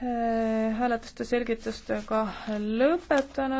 Äh, hääletuste selgitustega lõpetanud.